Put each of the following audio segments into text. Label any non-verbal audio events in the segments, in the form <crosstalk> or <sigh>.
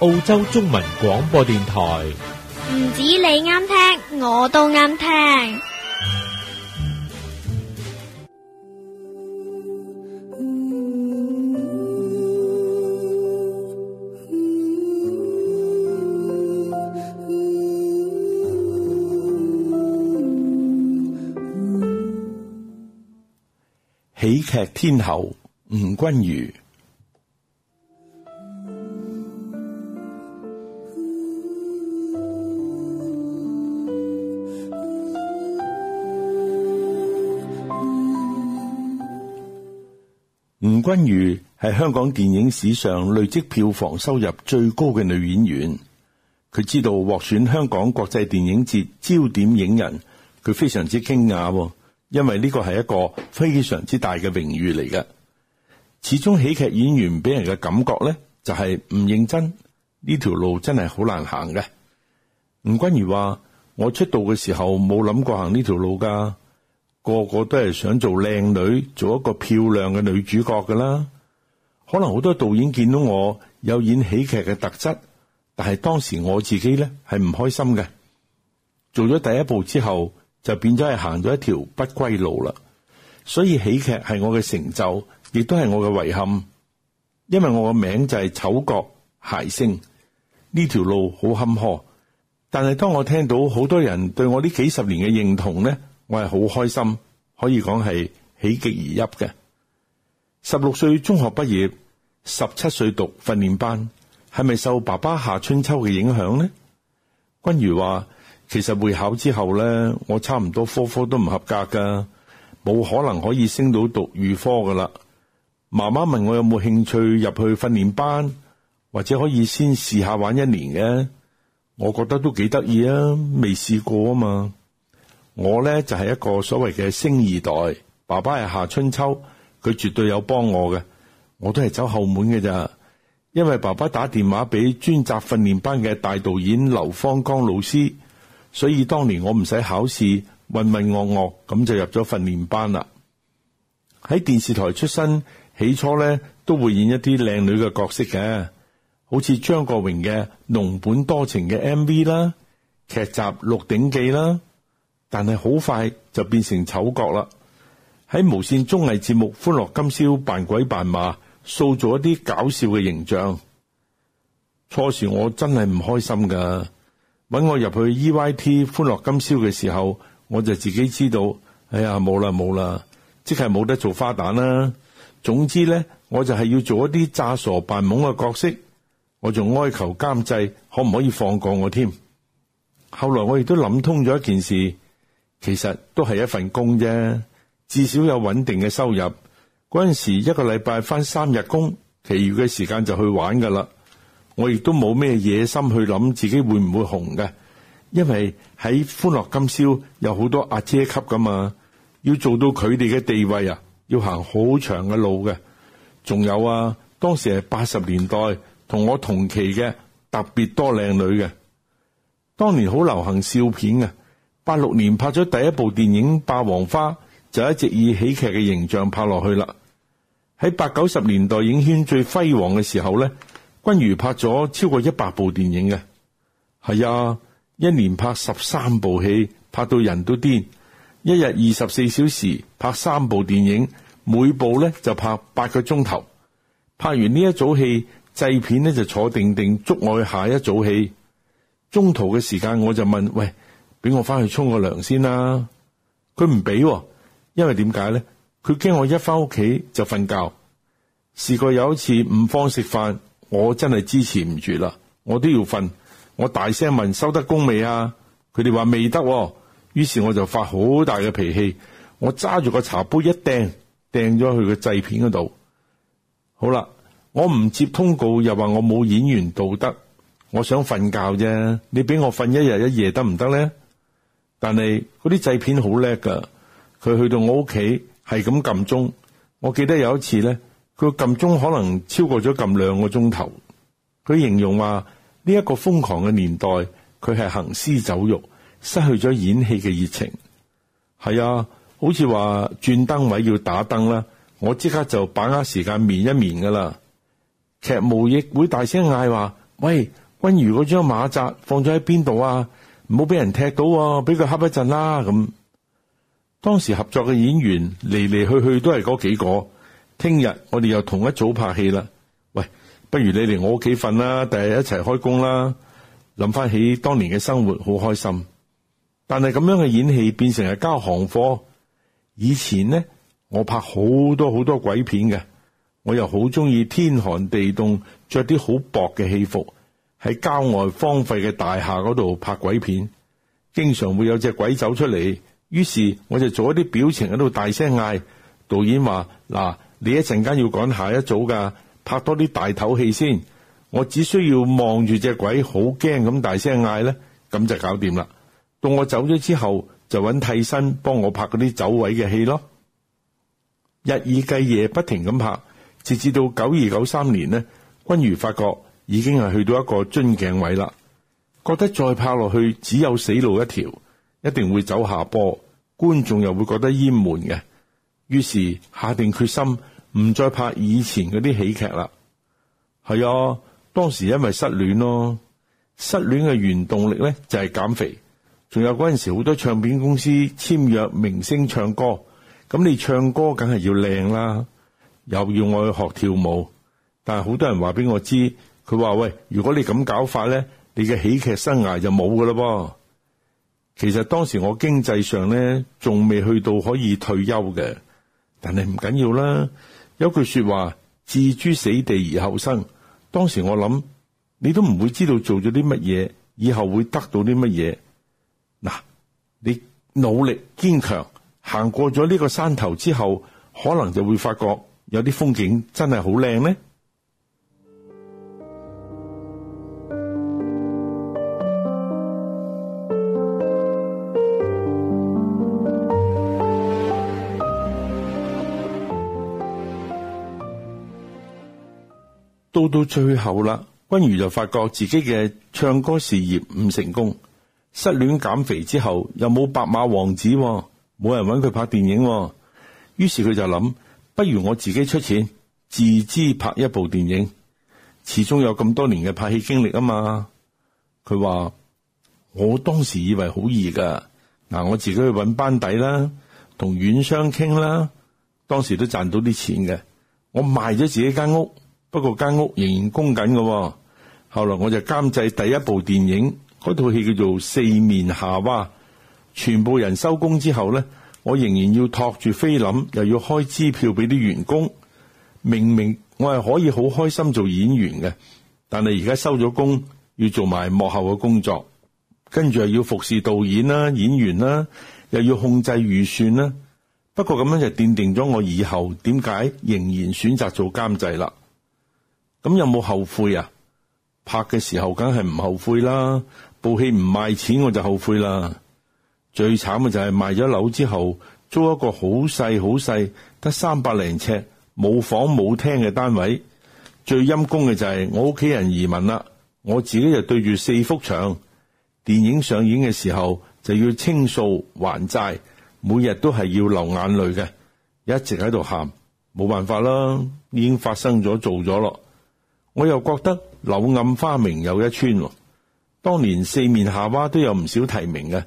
澳洲中文廣播電台，唔止你啱聽，我都啱聽。 <music> 喜劇天后吳君如。吳君如係香港電影史上累積票房收入最高嘅女演員，佢知道獲選香港國際電影節焦點影人，佢非常之驚訝，因為呢個係一個非常之大嘅榮譽嚟嘅。始終喜劇演員俾人嘅感覺咧，就係唔認真，呢條路真係好難行嘅。吳君如話：我出道嘅時候冇諗過行呢條路噶。個個都係想做靚女，做一個漂亮嘅女主角噶啦。可能好多導演見到我有演喜劇嘅特質，但係當時我自己咧係唔開心嘅。做咗第一步之後，就變咗係行咗一條不歸路啦。所以喜劇係我嘅成就，亦都係我嘅遺憾。因為我嘅名就係丑角諧星，呢條路好坎坷。但係當我聽到好多人對我呢幾十年嘅認同咧。我係好開心，可以講係喜極而泣嘅。十六歲中學畢業，十七歲讀訓練班，係咪受爸爸夏春秋嘅影響呢？君如話，其實會考之後咧，我差唔多科科都唔合格噶，冇可能可以升到讀預科噶啦。媽媽問我有冇興趣入去訓練班，或者可以先試下玩一年嘅，我覺得都幾得意啊，未試過啊嘛。我呢，就係一個所謂嘅星二代，爸爸係夏春秋，佢絕對有幫我嘅。我都係走後門嘅咋，因為爸爸打電話俾專責訓練班嘅大導演劉芳剛老師，所以當年我唔使考試，渾渾噩噩咁就入咗訓練班啦。喺電視台出身，起初呢都會演一啲靚女嘅角色嘅，好似張國榮嘅《儂本多情》嘅 MV 啦，劇集《鹿鼎記》啦。但係好快就變成丑角啦！喺無線綜藝節目《歡樂今宵》扮鬼扮馬，塑造一啲搞笑嘅形象。初時我真係唔開心噶，揾我入去 EYT《歡樂今宵》嘅時候，我就自己知道，哎呀冇啦冇啦，即係冇得做花旦啦。總之咧，我就係要做一啲詐傻扮懵嘅角色，我仲哀求監製可唔可以放過我添。後來我亦都諗通咗一件事。其實都係一份工啫，至少有穩定嘅收入。嗰陣時一個禮拜翻三日工，其餘嘅時間就去玩噶啦。我亦都冇咩野心去諗自己會唔會紅嘅，因為喺歡樂今宵有好多阿姐級噶嘛，要做到佢哋嘅地位啊，要行好長嘅路嘅。仲有啊，當時係八十年代，同我同期嘅特別多靚女嘅，當年好流行笑片嘅啊。八六年拍咗第一部電影《霸王花》，就一直以喜劇嘅形象拍落去啦。喺八九十年代影圈最輝煌嘅時候咧，君如拍咗超過一百部電影嘅，係啊，一年拍十三部戲，拍到人都癲，一日二十四小時拍三部電影，每部咧就拍八個鐘頭，拍完呢一組戲，製片咧就坐定定，捉我去下一組戲，中途嘅時間我就問喂。俾我翻去沖個涼先啦，啊，佢唔俾，因為點解咧？佢驚我一翻屋企就瞓覺。試過有一次唔放食飯，我真係支持唔住啦，我都要瞓。我大聲問：收得工未啊？佢哋話未得，於是我就發好大嘅脾氣，我揸住個茶杯一掟，掟咗去個製片嗰度。好啦，我唔接通告又話我冇演員道德，我想瞓覺啫，你俾我瞓一日一夜得唔得咧？但係嗰啲製片好叻噶，佢去到我屋企係咁撳鐘。我記得有一次咧，佢撳鐘可能超過咗撳兩個鐘頭。佢形容話呢一個瘋狂嘅年代，佢係行屍走肉，失去咗演戲嘅熱情。係啊，好似話轉燈位要打燈啦，我即刻就把握時間眠一眠噶啦。劇務亦會大聲嗌話：「喂，君如嗰張馬扎放咗喺邊度啊？唔好俾人踢到啊，俾佢恰一陣啦咁。當時合作嘅演員嚟嚟去去都係嗰幾個。聽日我哋又同一組拍戲啦。喂，不如你嚟我屋企瞓啦，第日一齊開工啦。諗翻起當年嘅生活，好開心。但係咁樣嘅演戲變成係交行貨。以前呢，我拍好多好多鬼片嘅，我又好中意天寒地凍，着啲好薄嘅戲服。喺郊外荒廢嘅大廈嗰度拍鬼片，經常會有隻鬼走出嚟。於是我就做一啲表情喺度大聲嗌。導演話：嗱，你一陣間要趕下一組噶，拍多啲大頭戲先。我只需要望住隻鬼大聲呢，好驚咁大聲嗌咧，咁就搞掂啦。到我走咗之後，就揾替身幫我拍嗰啲走位嘅戲咯。日以繼夜不停咁拍，直至到九二九三年呢，君如發覺。已經係去到一個樽頸位啦，覺得再拍落去只有死路一條，一定會走下坡，觀眾又會覺得厭悶嘅，於是下定決心唔再拍以前嗰啲喜劇啦。係啊，當時因為失戀咯，失戀嘅原動力咧就係減肥，仲有嗰陣時好多唱片公司簽約明星唱歌，咁你唱歌梗係要靚啦，又要我去學跳舞，但係好多人話俾我知。佢話喂，如果你咁搞法咧，你嘅喜劇生涯就冇噶啦噃。其實當時我經濟上咧仲未去到可以退休嘅，但係唔緊要啦。有句說話，置諸死地而後生。當時我諗，你都唔會知道做咗啲乜嘢，以後會得到啲乜嘢。嗱，你努力堅強，行過咗呢個山頭之後，可能就會發覺有啲風景真係好靚咧。到到最後啦，君如就發覺自己嘅唱歌事業唔成功，失戀減肥之後又冇白馬王子，冇人揾佢拍電影。於是佢就諗，不如我自己出錢自資拍一部電影。始終有咁多年嘅拍戲經歷啊嘛。佢話我當時以為好易噶，嗱，我自己去揾班底啦，同院商傾啦，當時都賺到啲錢嘅。我賣咗自己間屋。不過間屋仍然供緊噶。後來我就監製第一部電影，嗰套戲叫做《四面夏娃》。全部人收工之後咧，我仍然要托住菲林，又要開支票俾啲員工。明明我係可以好開心做演員嘅，但係而家收咗工，要做埋幕後嘅工作，跟住又要服侍導演啦、演員啦，又要控制預算啦。不過咁樣就奠定咗我以後點解仍然選擇做監製啦。咁有冇後悔啊？拍嘅時候梗係唔後悔啦。部戲唔賣錢我就後悔啦。最慘嘅就係賣咗樓之後，租一個好細好細，得三百零尺，冇房冇廳嘅單位。最陰功嘅就係我屋企人移民啦，我自己就對住四幅牆。電影上映嘅時候就要清數還債，每日都係要流眼淚嘅，一直喺度喊，冇辦法啦，已經發生咗，做咗咯。我又覺得柳暗花明又一村咯。當年四面夏娃都有唔少提名嘅，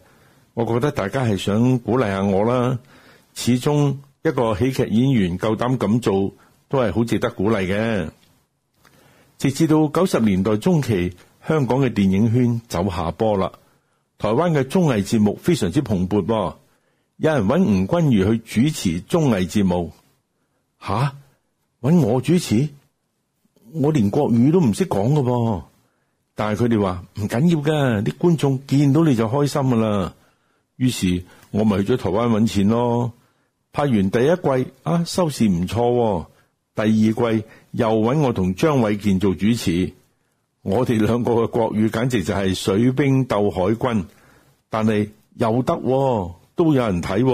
我覺得大家係想鼓勵下我啦。始終一個喜劇演員夠膽咁做，都係好值得鼓勵嘅。直至到九十年代中期，香港嘅電影圈走下坡啦。台灣嘅綜藝節目非常之蓬勃，有人搵吳君如去主持綜藝節目，吓？啊？搵我主持？我連國語都唔識講噶噃，但係佢哋話唔緊要噶，啲觀眾見到你就開心噶啦。於是我咪去咗台灣搵錢咯。拍完第一季啊，收視唔錯。第二季又搵我同張衛健做主持，我哋兩個嘅國語簡直就係水兵鬥海軍，但係又得都有人睇。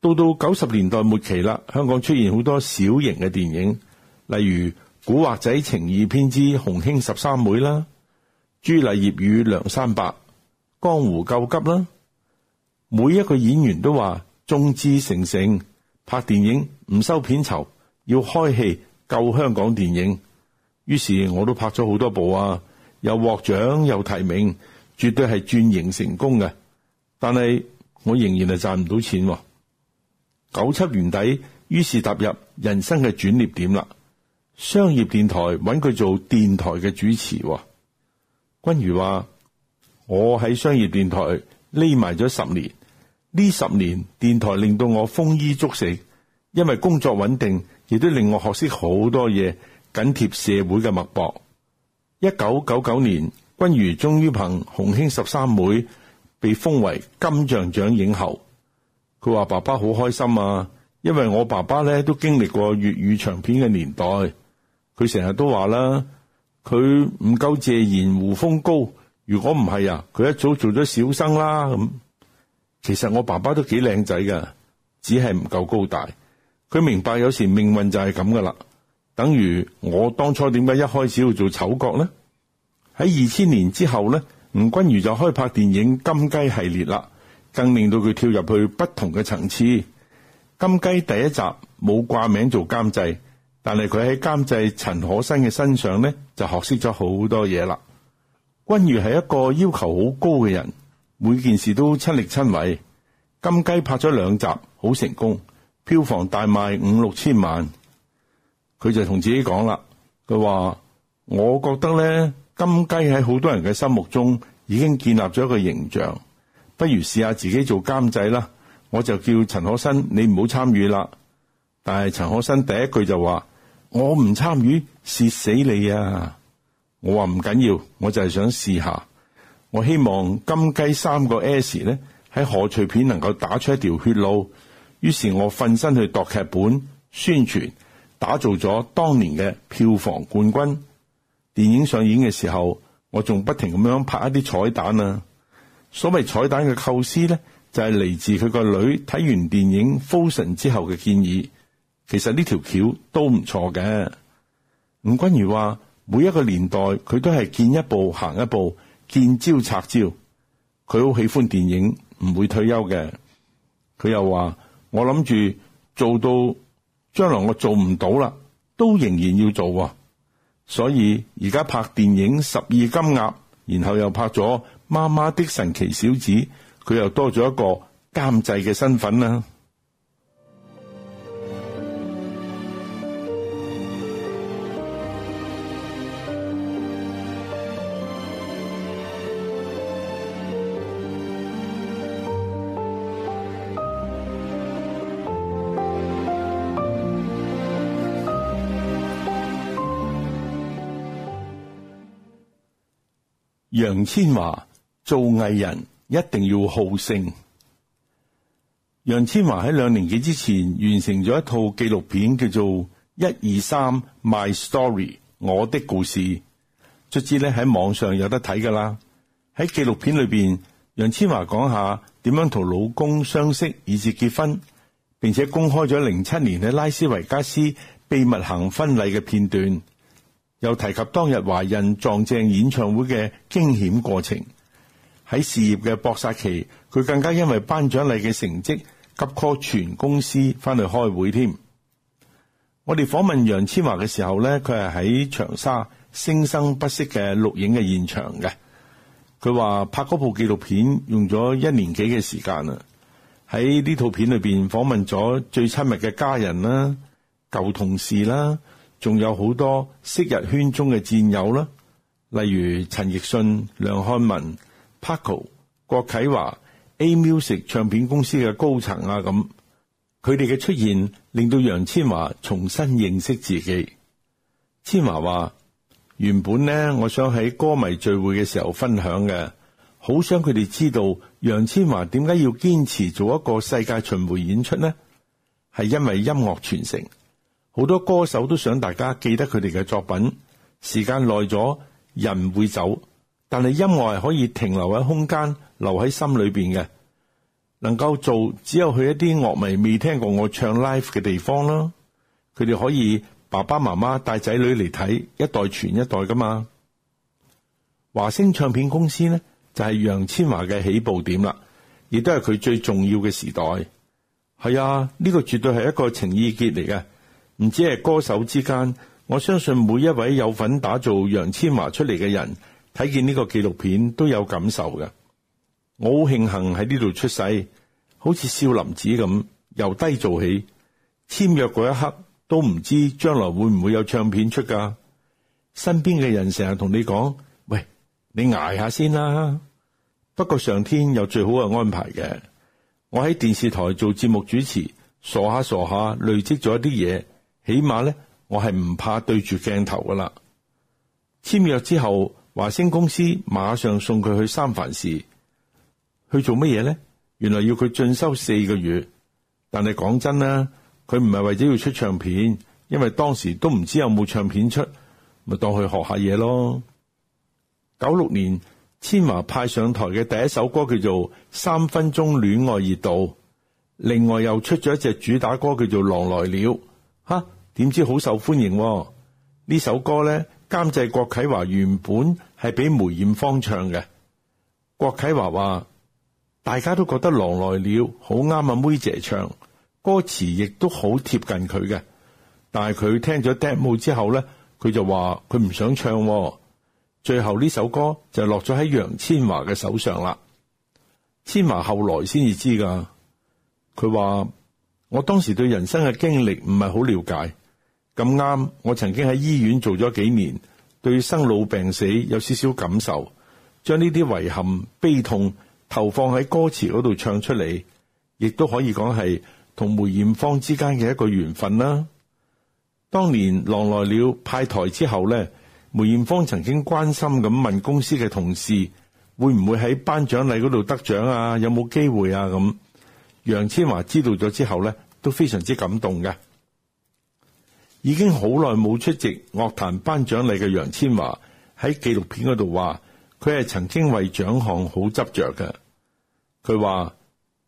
到到九十年代末期啦，香港出現好多小型嘅電影。例如《古惑仔情義篇之洪興十三妹》啦，《朱麗葉與梁山伯》《江湖救急》啦，每一個演員都話眾志成城，拍電影唔收片酬，要開戲救香港電影。於是我都拍咗好多部啊，又獲獎又提名，絕對係轉型成功嘅。但係我仍然係賺唔到錢。九七年底，於是踏入人生嘅轉捩點啦。商業電台揾佢做電台嘅主持，君如話：我喺商業電台匿埋咗十年，呢十年電台令到我豐衣足食，因為工作穩定，亦都令我學識好多嘢，緊貼社會嘅脈搏。一九九九年，君如終於憑《洪興十三妹》被封為金像獎影后。佢話：爸爸好開心啊，因為我爸爸咧都經歷過粵語長片嘅年代。佢成日都話啦，佢唔夠謝賢胡楓高。如果唔係啊，佢一早做咗小生啦。咁其實我爸爸都幾靚仔噶，只係唔夠高大。佢明白有時命運就係咁噶啦。等於我當初點解一開始要做丑角呢？喺二千年之後咧，吳君如就開拍電影《金雞》系列啦，更令到佢跳入去不同嘅層次。《金雞》第一集冇掛名做監製。但係佢喺監製陳可辛嘅身上咧，就學識咗好多嘢啦。君如係一個要求好高嘅人，每件事都親力親為。金雞拍咗兩集，好成功，票房大賣五六千萬。佢就同自己講啦，佢話我覺得咧，金雞喺好多人嘅心目中已經建立咗一個形象，不如試下自己做監製啦。我就叫陳可辛，你唔好參與啦。但係陳可辛第一句就話。我唔參與，蝕死你啊！我話唔緊要，我就係想試下。我希望金雞三個 S 呢，喺賀歲片能夠打出一條血路。於是，我瞓身去度劇本、宣傳、打造咗當年嘅票房冠軍。電影上映嘅時候，我仲不停咁樣拍一啲彩蛋啊！所謂彩蛋嘅構思呢，就係嚟自佢個女睇完電影《Frozen》之後嘅建議。其實呢條橋都唔錯嘅。吳君如話，每一個年代佢都係見一步行一步，見招拆招。佢好喜歡電影，唔會退休嘅。佢又話，我諗住做到將來我做唔到啦，都仍然要做啊。所以而家拍電影《十二金鴨》，然後又拍咗《媽媽的神奇小子》，佢又多咗一個監製嘅身份啦啊。楊千嬅做藝人一定要好勝。楊千嬅喺兩年幾之前完成咗一套紀錄片，叫做《一二三 My Story》，我的故事，卒之咧喺網上有得睇噶啦。喺紀錄片裏邊，楊千嬅講下點樣同老公相識以至結婚，並且公開咗零七年喺拉斯維加斯秘密行婚禮嘅片段。又提及當日懷孕，撞正演唱會嘅驚險過程，喺事業嘅搏殺期，佢更加因為頒獎禮嘅成績急 call 全公司翻嚟開會添。我哋訪問楊千嬅嘅時候咧，佢係喺長沙聲生不息嘅錄影嘅現場嘅。佢話拍嗰部紀錄片用咗一年幾嘅時間啦，喺呢套片裏邊訪問咗最親密嘅家人啦、舊同事啦。仲有好多昔日圈中嘅戰友啦，例如陳奕迅、梁漢文、Paco、郭啟華、A Music 唱片公司嘅高層啊，咁佢哋嘅出現令到楊千嬅重新認識自己。千嬅話：原本呢，我想喺歌迷聚會嘅時候分享嘅，好想佢哋知道楊千嬅點解要堅持做一個世界巡迴演出呢？係因為音樂傳承。好多歌手都想大家記得佢哋嘅作品。時間耐咗，人會走，但係音樂係可以停留喺空間，留喺心裏邊嘅。能夠做只有去一啲樂迷未聽過我唱 live 嘅地方咯。佢哋可以爸爸媽媽帶仔女嚟睇，一代傳一代噶嘛。華星唱片公司呢，就係楊千嬅嘅起步點啦，亦都係佢最重要嘅時代。係啊，呢個絕對係一個情意結嚟嘅。唔止係歌手之間，我相信每一位有份打造楊千嬅出嚟嘅人，睇見呢個紀錄片都有感受嘅。我好慶幸喺呢度出世，好似少林寺咁由低做起，簽約嗰一刻都唔知將來會唔會有唱片出噶。身邊嘅人成日同你講：喂，你捱下先啦。不過上天有最好嘅安排嘅。我喺電視台做節目主持，傻下傻下累積咗一啲嘢。起碼咧，我係唔怕對住鏡頭噶啦。簽約之後，華星公司馬上送佢去三藩市去做乜嘢咧？原來要佢進修四個月。但係講真啦，佢唔係為咗要出唱片，因為當時都唔知有冇唱片出，咪當去學下嘢咯。九六年，千嬅派上台嘅第一首歌叫做《三分鐘戀愛熱度》，另外又出咗一隻主打歌叫做《狼來了》。吓！點知好受歡迎，啊？呢首歌咧，監製郭啟華原本係俾梅艷芳唱嘅。郭啟華話：，大家都覺得狼來了好啱阿妹姐唱歌詞亦都好貼近佢嘅。但係佢聽咗《demo》之後咧，佢就話佢唔想唱，啊。最後呢首歌就落咗喺楊千嬅嘅手上啦。千嬅後來先至知噶，佢話：，我當時對人生嘅經歷唔係好了解。咁啱，我曾經喺醫院做咗幾年，對生老病死有少少感受，將呢啲遺憾、悲痛投放喺歌詞嗰度唱出嚟，亦都可以講係同梅艷芳之間嘅一個緣分啦。當年《狼來了》派台之後咧，梅艷芳曾經關心咁問公司嘅同事，會唔會喺頒獎禮嗰度得獎啊？有冇機會啊？咁楊千嬅知道咗之後咧，都非常之感動嘅。已經好耐冇出席樂壇頒獎禮嘅楊千嬅喺紀錄片嗰度話，佢係曾經為獎項好執着嘅。佢話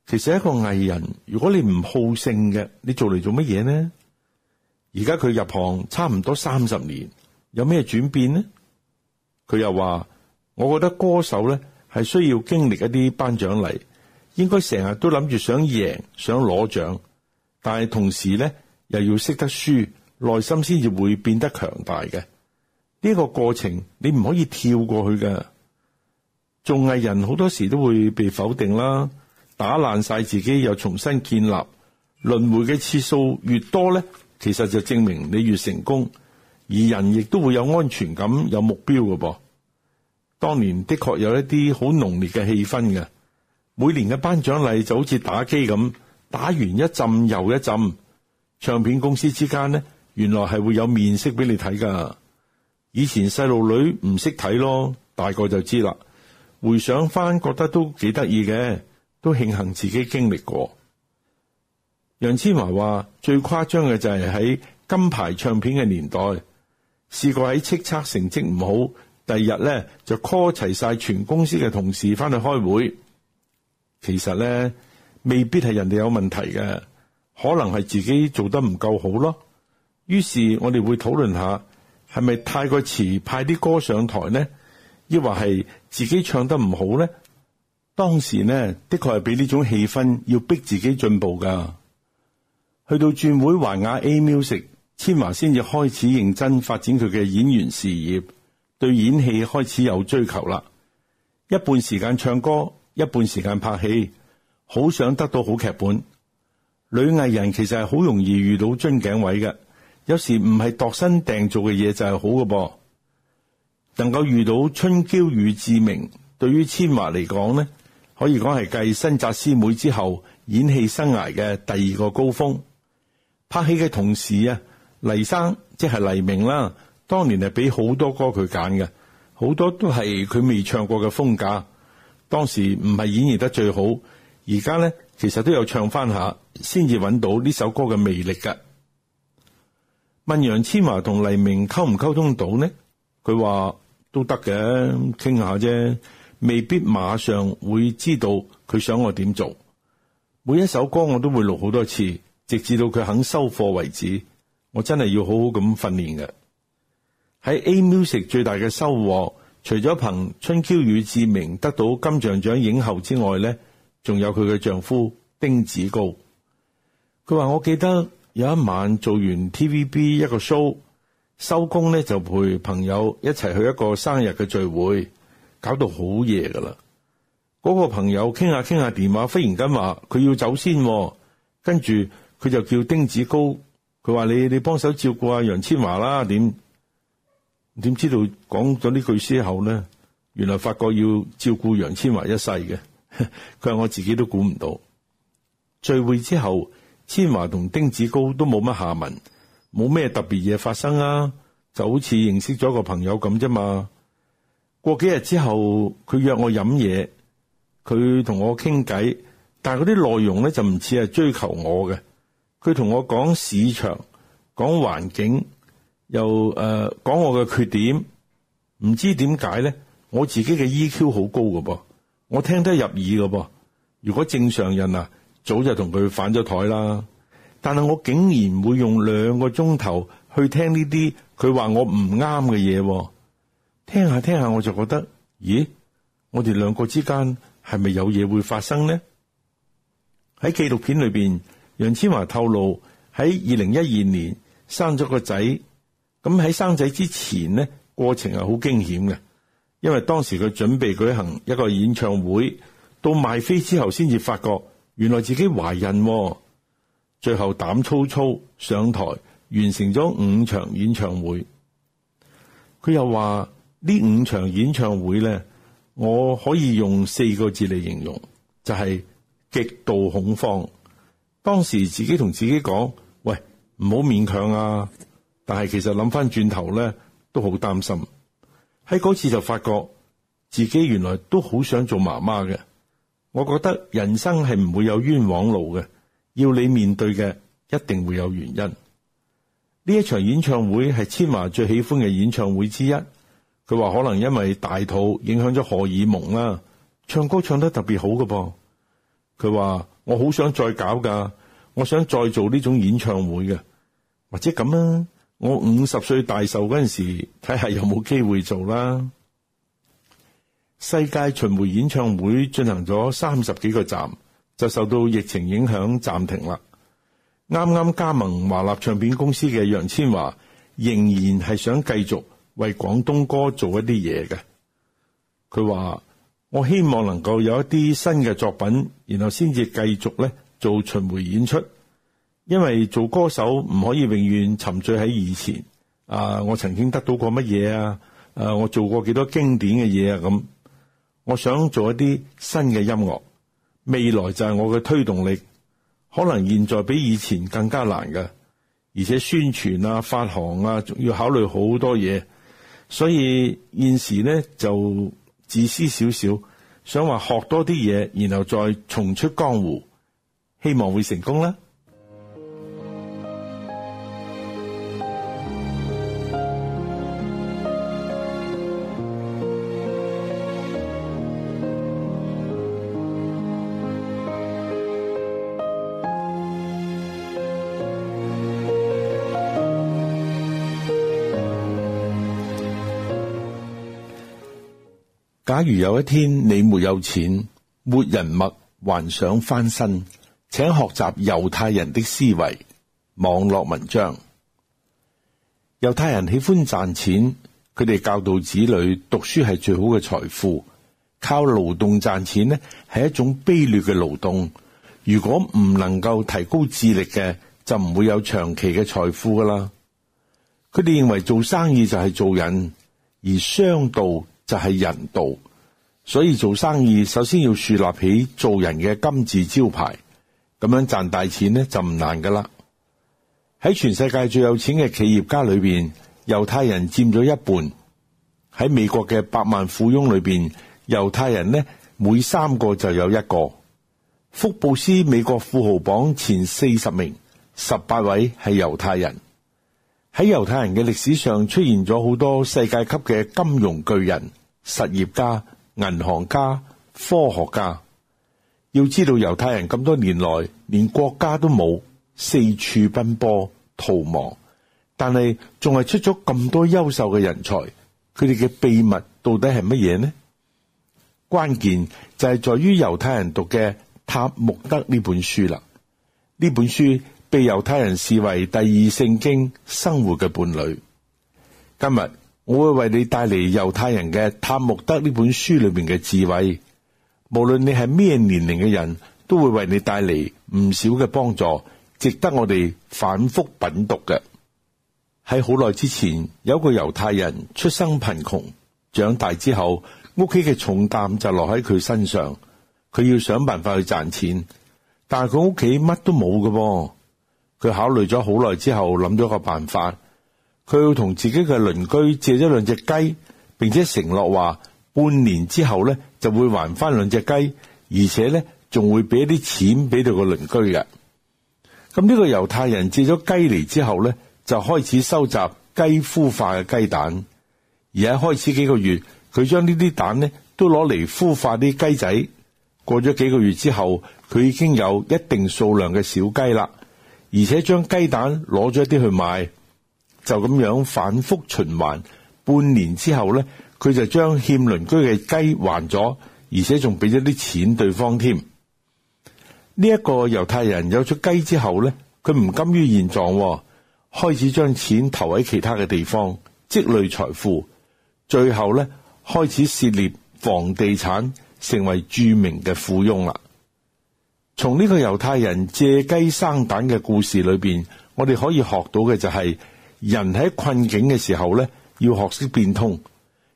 其實一個藝人，如果你唔好勝嘅，你做嚟做乜嘢呢？而家佢入行差唔多三十年，有咩轉變呢？佢又話：我覺得歌手咧係需要經歷一啲頒獎禮，應該成日都諗住想贏、想攞獎，但係同時咧又要識得輸。內心先至會變得強大嘅，呢個過程你唔可以跳過去噶。做藝人好多時都會被否定啦，打爛晒自己又重新建立，輪回嘅次數越多咧，其實就證明你越成功。而人亦都會有安全感、有目標嘅噃。當年的確有一啲好濃烈嘅氣氛嘅，每年嘅頒獎禮就好似打機咁，打完一陣又一陣，唱片公司之間呢。原來係會有面色俾你睇噶。以前細路女唔識睇咯，大個就知啦。回想翻，覺得都幾得意嘅，都慶幸自己經歷過。楊千嬅話：最誇張嘅就係喺金牌唱片嘅年代，試過喺叱咤成績唔好，第二日咧就 call 齊晒全公司嘅同事翻去開會。其實咧，未必係人哋有問題嘅，可能係自己做得唔夠好咯。於是，我哋會討論下係咪太過遲派啲歌上台呢？抑或係自己唱得唔好咧？當時呢，的確係俾呢種氣氛要逼自己進步噶。去到轉會環亞 A Music，千嬅先至開始認真發展佢嘅演員事業，對演戲開始有追求啦。一半時間唱歌，一半時間拍戲，好想得到好劇本。女藝人其實係好容易遇到樽頸位嘅。有時唔係度身訂做嘅嘢就係好嘅噃，能夠遇到春嬌與志明，對於千嬅嚟講呢可以講係繼新紮師妹之後演戲生涯嘅第二個高峰。拍戲嘅同時啊，黎生即係黎明啦，當年係俾好多歌佢揀嘅，好多都係佢未唱過嘅風格。當時唔係演繹得最好，而家咧其實都有唱翻下，先至揾到呢首歌嘅魅力噶。問楊千嬅同黎明溝唔溝通到呢？佢話都得嘅，傾下啫，未必馬上會知道佢想我點做。每一首歌我都會錄好多次，直至到佢肯收貨為止。我真係要好好咁訓練嘅。喺 A Music 最大嘅收穫，除咗憑《春嬌與志明》得到金像獎影后之外，呢，仲有佢嘅丈夫丁子高。佢話我記得。有一晚做完 TVB 一個 show，收工咧就陪朋友一齊去一個生日嘅聚會，搞到好夜噶啦。嗰、那個朋友傾下傾下電話，忽然間話佢要走先、啊，跟住佢就叫丁子高，佢話你你幫手照顧阿楊千嬅啦，點點知道講咗呢句之後咧？原來發覺要照顧楊千嬅一世嘅，佢 <laughs> 話我自己都估唔到。聚會之後。千華同丁子高都冇乜下文，冇咩特別嘢發生啊，就好似認識咗個朋友咁啫嘛。過幾日之後，佢約我飲嘢，佢同我傾偈，但係嗰啲內容咧就唔似係追求我嘅。佢同我講市場，講環境，又誒講、呃、我嘅缺點。唔知點解咧，我自己嘅 EQ 好高㗎噃，我聽得入耳㗎噃。如果正常人啊。早就同佢反咗台啦，但係我竟然會用兩個鐘頭去聽呢啲佢話我唔啱嘅嘢，聽下聽下我就覺得，咦？我哋兩個之間係咪有嘢會發生呢？喺紀錄片裏邊，楊千嬅透露喺二零一二年生咗個仔，咁喺生仔之前呢，過程係好驚險嘅，因為當時佢準備舉行一個演唱會，到賣飛之後先至發覺。原來自己懷孕、啊，最後膽粗粗上台完成咗五場演唱會。佢又話呢五場演唱會咧，我可以用四個字嚟形容，就係、是、極度恐慌。當時自己同自己講，喂，唔好勉強啊！但係其實諗返轉頭咧，都好擔心。喺嗰次就發覺自己原來都好想做媽媽嘅。我覺得人生係唔會有冤枉路嘅，要你面對嘅一定會有原因。呢一場演唱會係千嬅最喜歡嘅演唱會之一。佢話可能因為大肚影響咗荷爾蒙啦、啊，唱歌唱得特別好嘅噃、啊。佢話我好想再搞噶，我想再做呢種演唱會嘅，或者咁啊，我五十歲大壽嗰陣時睇下有冇機會做啦。世界巡迴演唱會進行咗三十幾個站，就受到疫情影響暫停啦。啱啱加盟華納唱片公司嘅楊千嬅，仍然係想繼續為廣東歌做一啲嘢嘅。佢話：我希望能夠有一啲新嘅作品，然後先至繼續咧做巡迴演出。因為做歌手唔可以永遠沉醉喺以前啊！我曾經得到過乜嘢啊？誒，我做過幾多經典嘅嘢啊？咁我想做一啲新嘅音樂，未來就係我嘅推動力。可能現在比以前更加難嘅，而且宣傳啊、發行啊，仲要考慮好多嘢。所以現時呢就自私少少，想話學多啲嘢，然後再重出江湖，希望會成功啦。假如有一天你沒有錢、沒人脈，還想翻身，請學習猶太人的思維。網絡文章，猶太人喜歡賺錢，佢哋教導子女讀書係最好嘅財富。靠勞動賺錢呢，係一種卑劣嘅勞動。如果唔能夠提高智力嘅，就唔會有長期嘅財富噶啦。佢哋認為做生意就係做人，而商道，就係人道，所以做生意首先要樹立起做人嘅金字招牌，咁樣賺大錢呢，就唔難噶啦。喺全世界最有錢嘅企業家裏邊，猶太人佔咗一半；喺美國嘅百萬富翁裏邊，猶太人呢，每三個就有一個。福布斯美國富豪榜前四十名，十八位係猶太人。喺猶太人嘅歷史上出現咗好多世界級嘅金融巨人。實業家、銀行家、科學家，要知道猶太人咁多年來連國家都冇，四處奔波逃亡，但係仲係出咗咁多優秀嘅人才，佢哋嘅秘密到底係乜嘢呢？關鍵就係在於猶太人讀嘅《塔木德》呢本書啦，呢本書被猶太人視為第二聖經，生活嘅伴侶。今日，我會為你帶嚟猶太人嘅《塔木德》呢本書裏面嘅智慧，無論你係咩年齡嘅人都會為你帶嚟唔少嘅幫助，值得我哋反覆品讀嘅。喺好耐之前，有個猶太人出生貧窮，長大之後屋企嘅重擔就落喺佢身上，佢要想辦法去賺錢，但係佢屋企乜都冇噶噃，佢考慮咗好耐之後，諗咗個辦法。佢要同自己嘅鄰居借咗兩隻雞，並且承諾話半年之後咧就會還翻兩隻雞，而且咧仲會俾一啲錢俾到個鄰居嘅。咁呢個猶太人借咗雞嚟之後咧，就開始收集雞孵化嘅雞蛋，而喺開始幾個月，佢將呢啲蛋咧都攞嚟孵化啲雞仔。過咗幾個月之後，佢已經有一定數量嘅小雞啦，而且將雞蛋攞咗一啲去賣。就咁樣反覆循環，半年之後咧，佢就將欠鄰居嘅雞還咗，而且仲俾咗啲錢對方添。呢、這、一個猶太人有咗雞之後咧，佢唔甘於現狀，開始將錢投喺其他嘅地方，積累財富，最後咧開始涉獵房地產，成為著名嘅富翁啦。從呢個猶太人借雞生蛋嘅故事裏邊，我哋可以學到嘅就係、是。人喺困境嘅時候咧，要學識變通，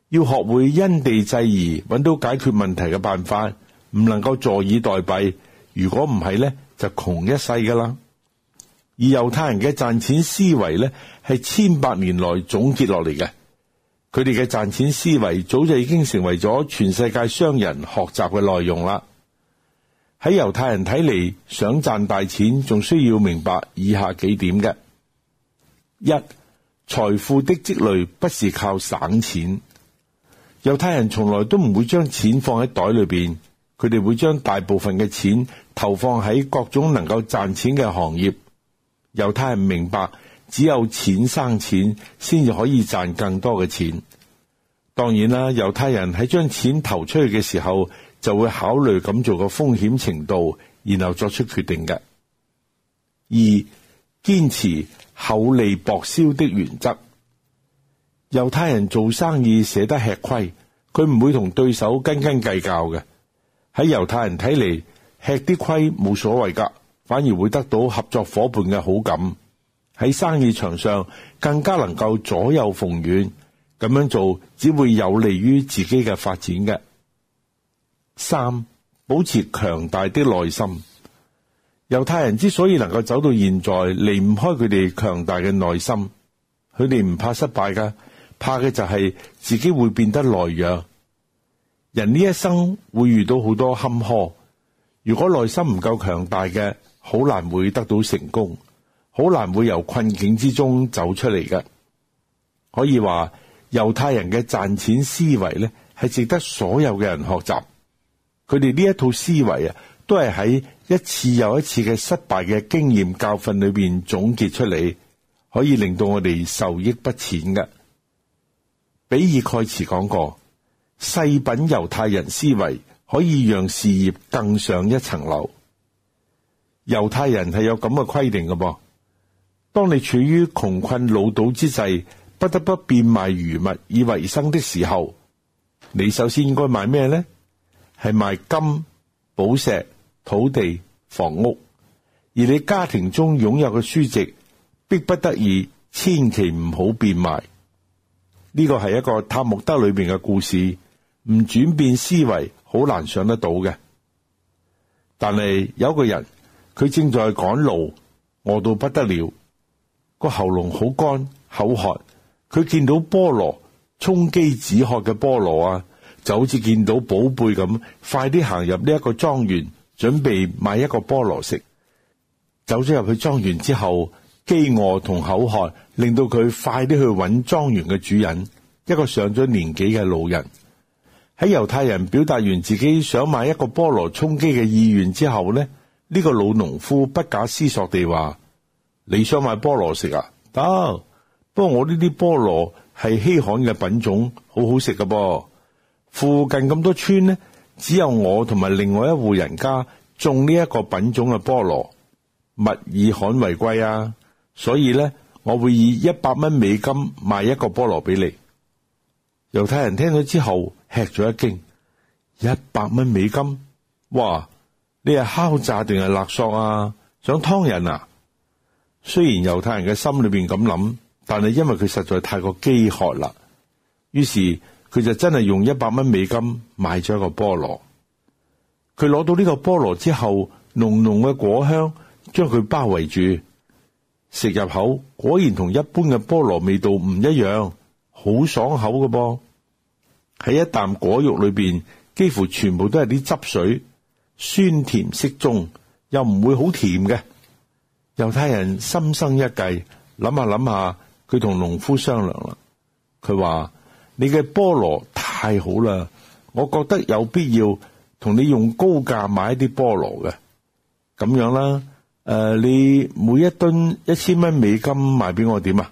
要學會因地制宜，揾到解決問題嘅辦法，唔能夠坐以待斃。如果唔係咧，就窮一世噶啦。而猶太人嘅賺錢思維咧，係千百年來總結落嚟嘅，佢哋嘅賺錢思維早就已經成為咗全世界商人學習嘅內容啦。喺猶太人睇嚟，想賺大錢，仲需要明白以下幾點嘅。一、財富的積累不是靠省錢，猶太人從來都唔會將錢放喺袋裏邊，佢哋會將大部分嘅錢投放喺各種能夠賺錢嘅行業。猶太人明白，只有錢生錢，先至可以賺更多嘅錢。當然啦，猶太人喺將錢投出去嘅時候，就會考慮咁做嘅風險程度，然後作出決定嘅。二、堅持。厚利薄銷的原則，猶太人做生意捨得吃虧，佢唔會同對手斤斤計較嘅。喺猶太人睇嚟，吃啲虧冇所謂噶，反而會得到合作夥伴嘅好感。喺生意場上更加能夠左右逢源，咁樣做只會有利於自己嘅發展嘅。三、保持強大的內心。猶太人之所以能夠走到現在，離唔開佢哋強大嘅內心，佢哋唔怕失敗噶，怕嘅就係自己會變得懦弱。人呢一生會遇到好多坎坷，如果內心唔夠強大嘅，好難會得到成功，好難會由困境之中走出嚟噶。可以話猶太人嘅賺錢思維咧，係值得所有嘅人學習。佢哋呢一套思維啊，都係喺，一次又一次嘅失敗嘅經驗教訓裏邊總結出嚟，可以令到我哋受益不淺嘅。比爾蓋茨講過，細品猶太人思維可以讓事業更上一層樓。猶太人係有咁嘅規定嘅噃，當你處於窮困潦倒之際，不得不變賣餘物以為生的時候，你首先應該賣咩呢？係賣金、寶石。土地、房屋，而你家庭中擁有嘅書籍，逼不得已，千祈唔好變賣。呢個係一個塔木德裏邊嘅故事，唔轉變思維，好難想得到嘅。但係有個人，佢正在趕路，餓到不得了，個喉嚨好乾，口渴。佢見到菠蘿充飢止渴嘅菠蘿啊，就好似見到寶貝咁，快啲行入呢一個莊園。準備買一個菠蘿食，走咗入去莊園之後，飢餓同口渴令到佢快啲去揾莊園嘅主人，一個上咗年紀嘅老人。喺猶太人表達完自己想買一個菠蘿充飢嘅意願之後咧，呢、呢個老農夫不假思索地話：你想買菠蘿食啊？得，不過我呢啲菠蘿係稀罕嘅品種，好好食噶噃。附近咁多村呢。」只有我同埋另外一戶人家種呢一個品種嘅菠蘿，物以罕為貴啊！所以咧，我會以一百蚊美金賣一個菠蘿俾你。猶太人聽到之後吃咗一驚，一百蚊美金，哇！你係敲詐定係勒索啊？想劏人啊？雖然猶太人嘅心裏邊咁諗，但係因為佢實在太過飢渴啦，於是。佢就真係用一百蚊美金買咗一個菠蘿。佢攞到呢個菠蘿之後，濃濃嘅果香將佢包圍住，食入口果然同一般嘅菠蘿味道唔一樣，好爽口嘅噃。喺一啖果肉裏邊，幾乎全部都係啲汁水，酸甜適中，又唔會好甜嘅。猶太人心生一計，諗下諗下，佢同農夫商量啦。佢話。你嘅菠蘿太好啦，我覺得有必要同你用高價買一啲菠蘿嘅，咁樣啦。誒、呃，你每一噸一千蚊美金賣俾我點啊？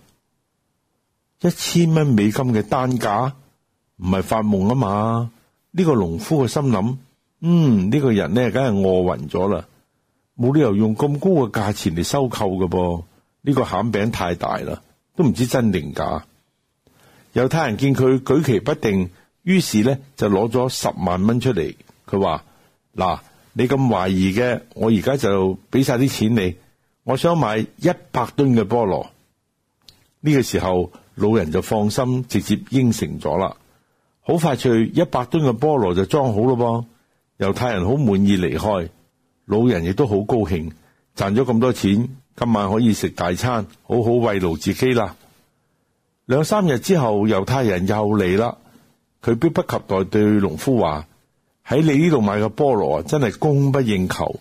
一千蚊美金嘅單價，唔係發夢啊嘛？呢個農夫嘅心諗，嗯，呢個人咧，梗係餓暈咗啦，冇理由用咁高嘅價錢嚟收購噶噃。呢個餡餅太大啦，都唔知真定假。猶太人見佢舉棋不定，於是咧就攞咗十萬蚊出嚟。佢話：嗱，你咁懷疑嘅，我而家就俾晒啲錢你。我想買一百噸嘅菠蘿。呢個時候，老人就放心，直接應承咗啦。好快脆，一百噸嘅菠蘿就裝好咯噃。猶太人好滿意離開，老人亦都好高興，賺咗咁多錢，今晚可以食大餐，好好慰勞自己啦。兩三日之後，猶太人又嚟啦。佢迫不及待對農夫話：喺你呢度買個菠蘿真係供不應求。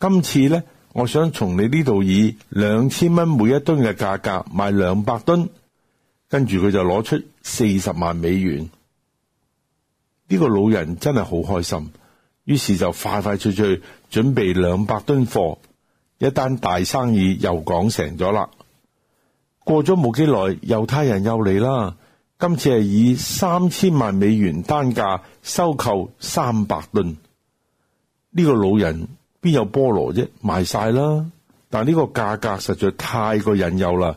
今次呢，我想從你呢度以兩千蚊每一噸嘅價格買兩百噸，跟住佢就攞出四十萬美元。呢、呢個老人真係好開心，於是就快快脆脆準備兩百噸貨，一單大生意又講成咗啦。過咗冇幾耐，猶太人又嚟啦。今次係以三千萬美元單價收購三百噸。呢個老人邊有菠蘿啫？賣晒啦。但係呢個價格實在太過引誘啦，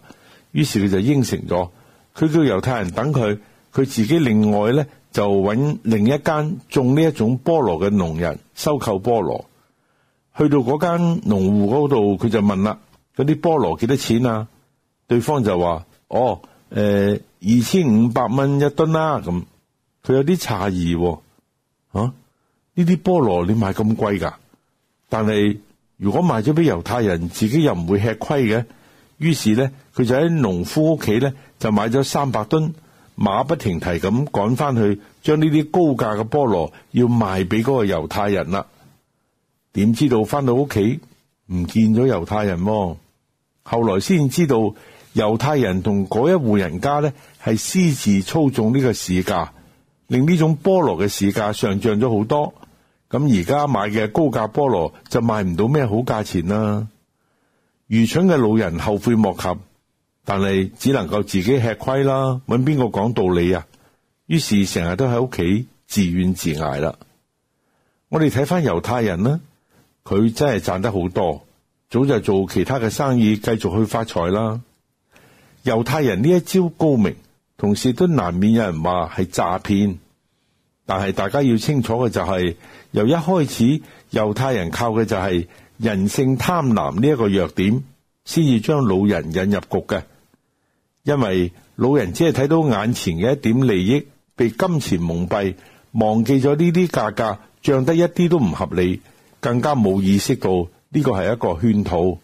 於是佢就應承咗。佢叫猶太人等佢，佢自己另外咧就揾另一間種呢一種菠蘿嘅農人收購菠蘿。去到嗰間農戶嗰度，佢就問啦：嗰啲菠蘿幾多錢啊？對方就話：哦，誒、欸，二千五百蚊一噸啦、啊。咁佢有啲詫異，吓，呢啲菠蘿你賣咁貴噶？但係如果賣咗俾猶太人，自己又唔會吃虧嘅。於是咧，佢就喺農夫屋企咧就買咗三百噸，馬不停蹄咁趕翻去，將呢啲高價嘅菠蘿要賣俾嗰個猶太人啦。點知道翻到屋企唔見咗猶太人、哦？後來先知道。猶太人同嗰一戶人家咧，係私自操縱呢個市價，令呢種菠蘿嘅市價上漲咗好多。咁而家買嘅高價菠蘿就賣唔到咩好價錢啦。愚蠢嘅老人後悔莫及，但係只能夠自己吃虧啦。揾邊個講道理啊？於是成日都喺屋企自怨自艾啦。我哋睇翻猶太人啦，佢真係賺得好多，早就做其他嘅生意，繼續去發財啦。猶太人呢一招高明，同時都難免有人話係詐騙。但係大家要清楚嘅就係，由一開始猶太人靠嘅就係人性貪婪呢一個弱點，先至將老人引入局嘅。因為老人只係睇到眼前嘅一點利益，被金錢蒙蔽，忘記咗呢啲價格漲得一啲都唔合理，更加冇意識到呢個係一個圈套。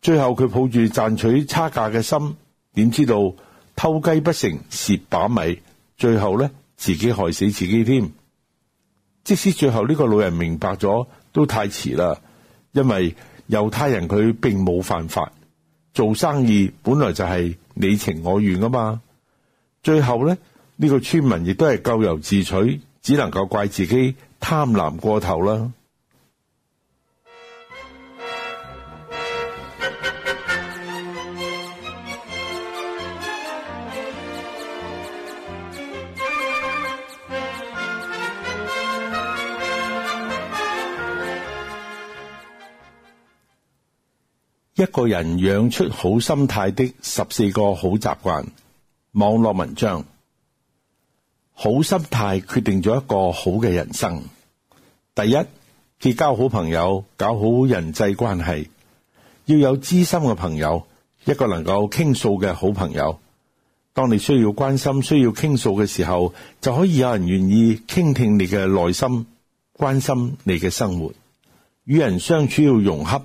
最後佢抱住賺取差價嘅心。點知道偷雞不成蝕把米，最後咧自己害死自己添。即使最後呢個老人明白咗，都太遲啦。因為猶太人佢並冇犯法，做生意本來就係你情我願噶嘛。最後咧呢個村民亦都係咎由自取，只能夠怪自己貪婪過頭啦。一個人養出好心態的十四個好習慣。網絡文章，好心態決定咗一個好嘅人生。第一，結交好朋友，搞好人際關係，要有知心嘅朋友，一個能夠傾訴嘅好朋友。當你需要關心、需要傾訴嘅時候，就可以有人願意傾聽你嘅內心，關心你嘅生活。與人相處要融洽。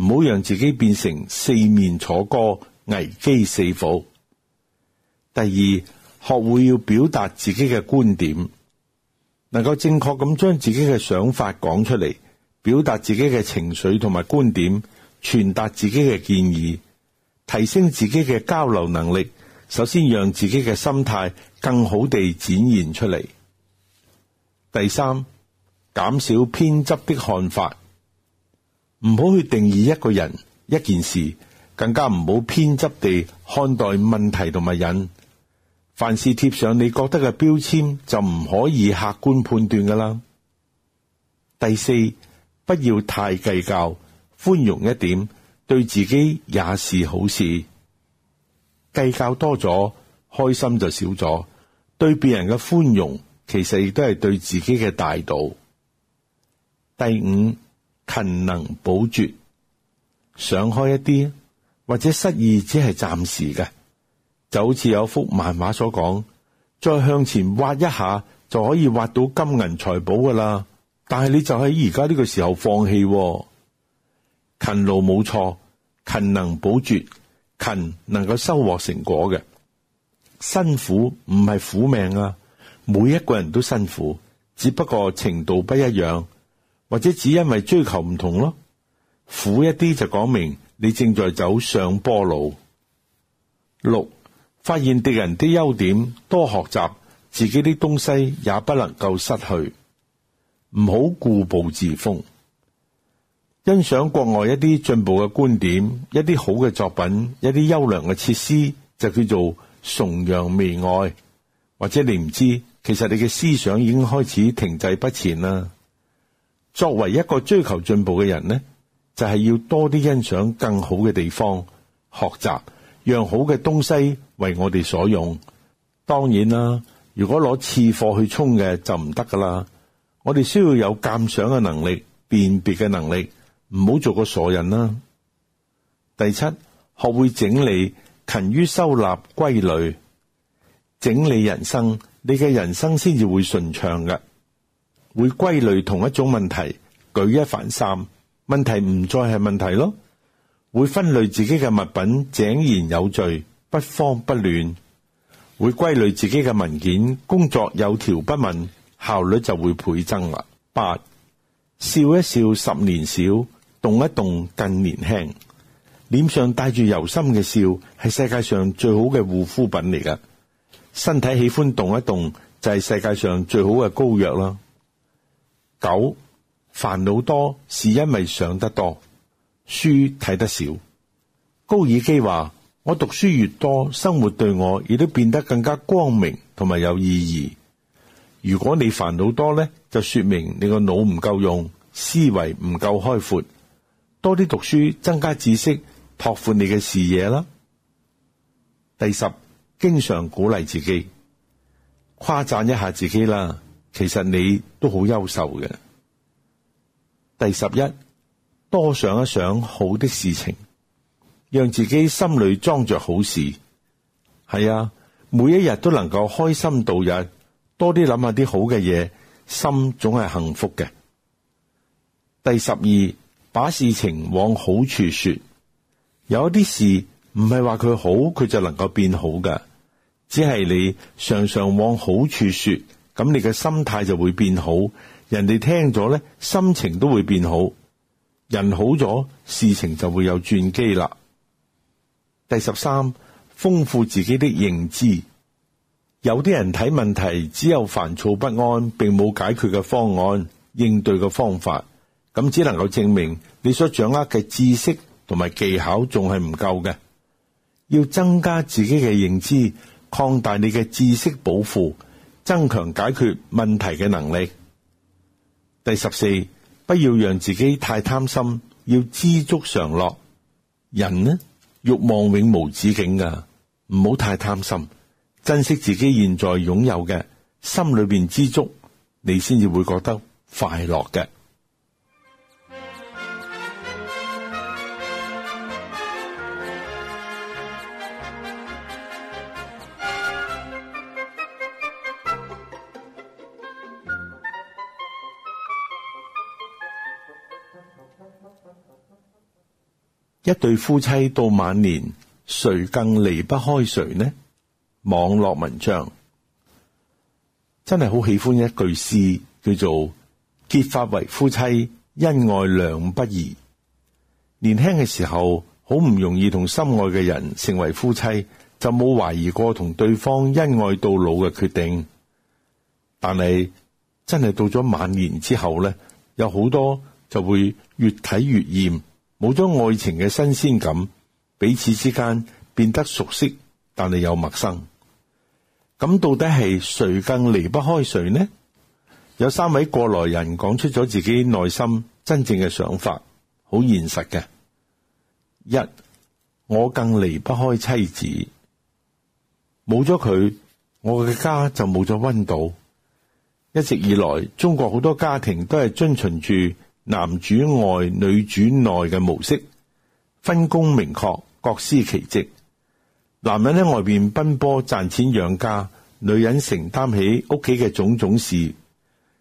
唔好讓自己變成四面楚歌、危機四伏。第二，學會要表達自己嘅觀點，能夠正確咁將自己嘅想法講出嚟，表達自己嘅情緒同埋觀點，傳達自己嘅建議，提升自己嘅交流能力。首先，讓自己嘅心態更好地展現出嚟。第三，減少偏執的看法。唔好去定義一個人一件事，更加唔好偏執地看待問題同埋人。凡事貼上你覺得嘅標籤，就唔可以客觀判斷噶啦。第四，不要太計較，寬容一點，對自己也是好事。計較多咗，開心就少咗。對別人嘅寬容，其實亦都係對自己嘅大度。第五。勤能補拙，想開一啲，或者失意只係暫時嘅，就好似有幅漫畫所講，再向前挖一下就可以挖到金銀財寶噶啦。但係你就喺而家呢個時候放棄啊，勤勞冇錯，勤能補拙，勤能夠收穫成果嘅。辛苦唔係苦命啊，每一個人都辛苦，只不過程度不一樣。或者只因為追求唔同咯，苦一啲就講明你正在走上坡路。六，發現敵人的優點，多學習自己的東西也不能夠失去，唔好固步自封。欣賞國外一啲進步嘅觀點，一啲好嘅作品，一啲優良嘅設施，就叫做崇洋媚外。或者你唔知，其實你嘅思想已經開始停滯不前啦。作為一個追求進步嘅人呢，就係要多啲欣賞更好嘅地方，學習，讓好嘅東西為我哋所用。當然啦，如果攞次貨去衝嘅就唔得噶啦。我哋需要有鑒賞嘅能力、辨別嘅能力，唔好做個傻人啦。第七，學會整理，勤於收納歸類，整理人生，你嘅人生先至會順暢嘅。會歸類同一種問題，舉一反三，問題唔再係問題咯。會分類自己嘅物品，井然有序，不慌不亂。會歸類自己嘅文件，工作有條不紊，效率就會倍增啦。八笑一笑十年少，動一動更年輕。臉上帶住由心嘅笑係世界上最好嘅護膚品嚟㗎，身體喜歡動一動就係、是、世界上最好嘅膏藥咯。九煩惱多，是因為想得多，書睇得少。高爾基話：我讀書越多，生活對我亦都變得更加光明同埋有意義。如果你煩惱多呢，就說明你個腦唔夠用，思維唔夠開闊。多啲讀書，增加知識，拓闊你嘅視野啦。第十，經常鼓勵自己，誇讚一下自己啦。其實你都好優秀嘅。第十一，多想一想好的事情，讓自己心裏裝着好事。係啊，每一日都能夠開心度日，多啲諗下啲好嘅嘢，心總係幸福嘅。第十二，把事情往好處說，有啲事唔係話佢好，佢就能夠變好㗎，只係你常常往好處說。咁你嘅心態就會變好，人哋聽咗咧，心情都會變好，人好咗，事情就會有轉機啦。第十三，豐富自己的認知。有啲人睇問題只有煩躁不安，並冇解決嘅方案，應對嘅方法，咁只能夠證明你所掌握嘅知識同埋技巧仲係唔夠嘅，要增加自己嘅認知，擴大你嘅知識寶庫。增強解決問題嘅能力。第十四，不要讓自己太貪心，要知足常樂。人呢，欲望永無止境噶，啊，唔好太貪心，珍惜自己現在擁有嘅，心裏邊知足，你先至會覺得快樂嘅。一對夫妻到晚年，誰更離不開誰呢？網絡文章真係好喜歡一句詩，叫做“結髮為夫妻，恩愛兩不疑”。年輕嘅時候，好唔容易同心愛嘅人成為夫妻，就冇懷疑過同對方恩愛到老嘅決定。但係真係到咗晚年之後呢，有好多就會越睇越厭。冇咗愛情嘅新鮮感，彼此之間變得熟悉，但係又陌生。咁到底係誰更離不開誰呢？有三位過來人講出咗自己內心真正嘅想法，好現實嘅。一，我更離不開妻子，冇咗佢，我嘅家就冇咗温度。一直以來，中國好多家庭都係遵循住。男主外女主內嘅模式，分工明確，各司其職。男人喺外邊奔波賺錢養家，女人承擔起屋企嘅種種事。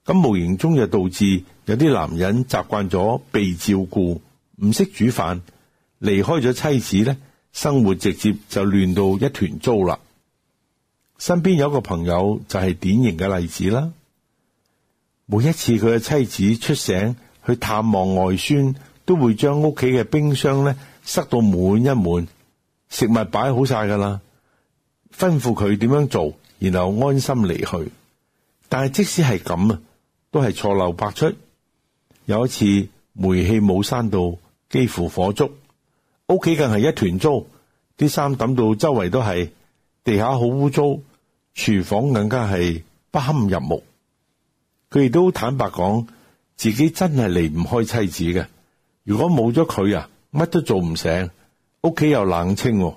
咁無形中就導致有啲男人習慣咗被照顧，唔識煮飯。離開咗妻子咧，生活直接就亂到一團糟啦。身邊有一個朋友就係典型嘅例子啦。每一次佢嘅妻子出醒。佢探望外孫，都會將屋企嘅冰箱咧塞到滿一滿，食物擺好晒噶啦，吩咐佢點樣做，然後安心離去。但係即使係咁啊，都係錯漏百出。有一次煤氣冇閂到，幾乎火燭，屋企更係一團糟，啲衫抌到周圍都係，地下好污糟，廚房更加係不堪入目。佢亦都坦白講。自己真係離唔開妻子嘅，如果冇咗佢啊，乜都做唔成，屋企又冷清啊。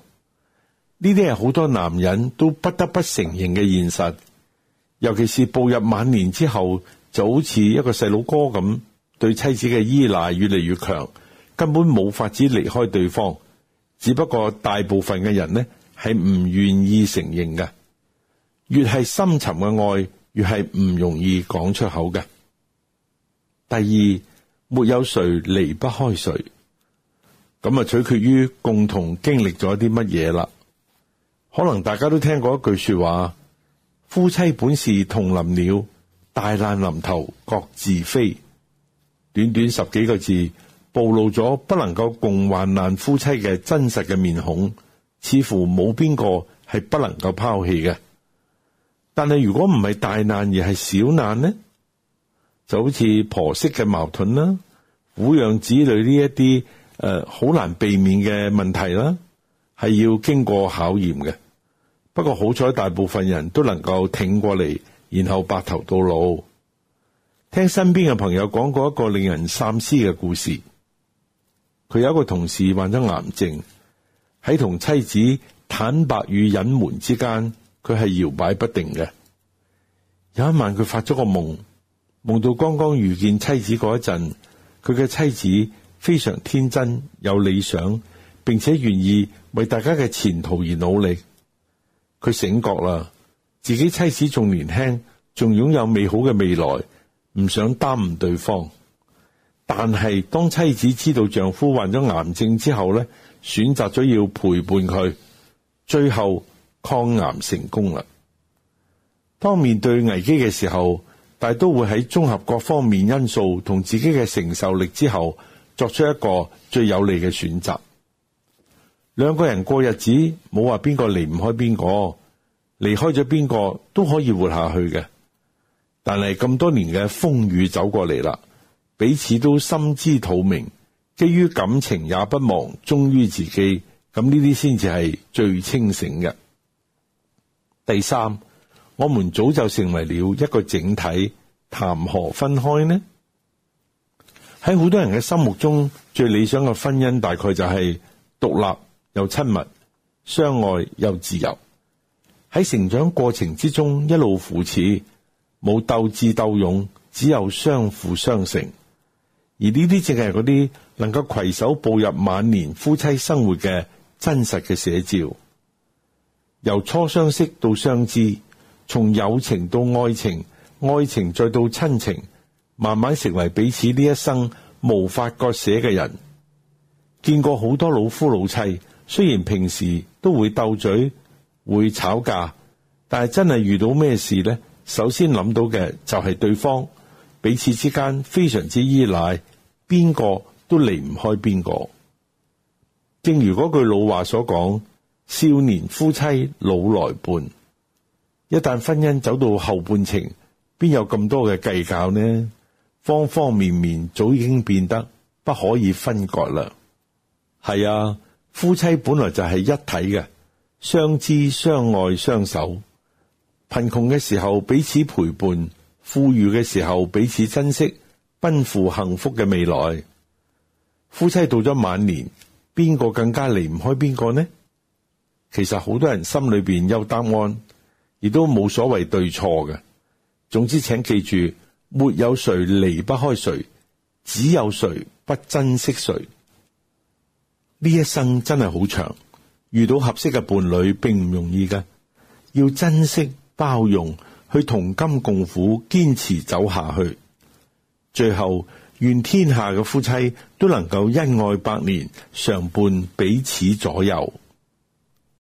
呢啲係好多男人都不得不承認嘅現實，尤其是步入晚年之後，就好似一個細佬哥咁，對妻子嘅依賴越嚟越強，根本冇法子離開對方。只不過大部分嘅人呢，係唔願意承認嘅，越係深沉嘅愛，越係唔容易講出口嘅。第二，沒有誰離不開誰，咁啊，取決於共同經歷咗啲乜嘢啦。可能大家都聽過一句說話：夫妻本是同林鳥，大難臨頭各自飛。短短十幾個字，暴露咗不能夠共患難夫妻嘅真實嘅面孔，似乎冇邊個係不能夠拋棄嘅。但係如果唔係大難而係小難呢？就好似婆媳嘅矛盾啦，撫養子女呢一啲誒，好難避免嘅問題啦，係要經過考驗嘅。不過好彩，大部分人都能夠挺過嚟，然後白頭到老。聽身邊嘅朋友講過一個令人三思嘅故事，佢有一個同事患咗癌症，喺同妻子坦白與隱瞞之間，佢係搖擺不定嘅。有一晚，佢發咗個夢。夢到剛剛遇見妻子嗰一陣，佢嘅妻子非常天真、有理想，並且願意為大家嘅前途而努力。佢醒覺啦，自己妻子仲年輕，仲擁有美好嘅未來，唔想耽誤對方。但係當妻子知道丈夫患咗癌症之後呢，選擇咗要陪伴佢，最後抗癌成功啦。當面對危機嘅時候，但都會喺綜合各方面因素同自己嘅承受力之後，作出一個最有利嘅選擇。兩個人過日子，冇話邊個離唔開邊個，離開咗邊個都可以活下去嘅。但係咁多年嘅風雨走過嚟啦，彼此都心知肚明，基於感情也不忘忠於自己，咁呢啲先至係最清醒嘅。第三。我們早就成為了一個整體，談何分開呢？喺好多人嘅心目中，最理想嘅婚姻大概就係獨立又親密、相愛又自由。喺成長過程之中，一路扶持，冇鬥智鬥勇，只有相輔相成。而呢啲正係嗰啲能夠攜手步入晚年夫妻生活嘅真實嘅寫照。由初相識到相知，從友情到愛情，愛情再到親情，慢慢成為彼此呢一生無法割捨嘅人。見過好多老夫老妻，雖然平時都會鬥嘴、會吵架，但係真係遇到咩事呢？首先諗到嘅就係對方，彼此之間非常之依賴，邊個都離唔開邊個。正如嗰句老話所講：少年夫妻老來伴。一旦婚姻走到後半程，邊有咁多嘅計較呢？方方面面早已經變得不可以分割啦。係啊，夫妻本來就係一體嘅，相知相愛相守。貧窮嘅時候彼此陪伴，富裕嘅時候彼此珍惜，奔赴幸福嘅未來。夫妻到咗晚年，邊個更加離唔開邊個呢？其實好多人心裏邊有答案。亦都冇所謂對錯嘅，總之請記住，沒有誰離不開誰，只有誰不珍惜誰。呢一生真係好長，遇到合適嘅伴侶並唔容易㗎，要珍惜包容，去同甘共苦，堅持走下去。最後，願天下嘅夫妻都能夠恩愛百年，常伴彼此左右。